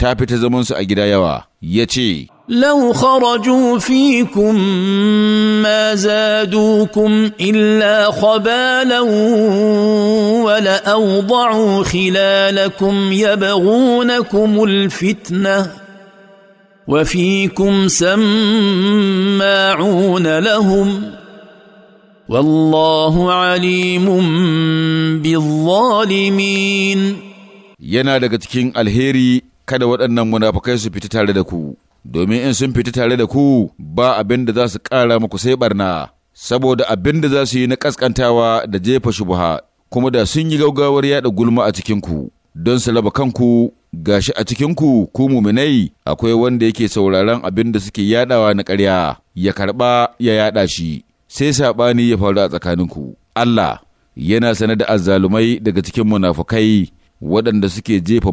تابت fita zamansu a gida لو خرجوا فيكم ما زادوكم إلا خبالا ولأوضعوا خلالكم يبغونكم الفتنة وفيكم سماعون لهم والله عليم بالظالمين yana daga cikin alheri kada waɗannan munafukai su fita tare da ku, domin in sun fita tare da ku ba abin da za su ƙara muku sai ɓarna, saboda abin da za su yi na ƙasƙantawa da jefa shubuha, kuma da sun yi gaugawar yaɗa gulma a cikinku, don su raba kanku gashi a cikinku ku muminai akwai wanda yake sauraron abin da suke yaɗawa na ƙarya, ya karɓa ya yaɗa shi, sai saɓani ya faru a tsakaninku. Allah yana sanar da azzalumai daga cikin munafukai waɗanda suke jefa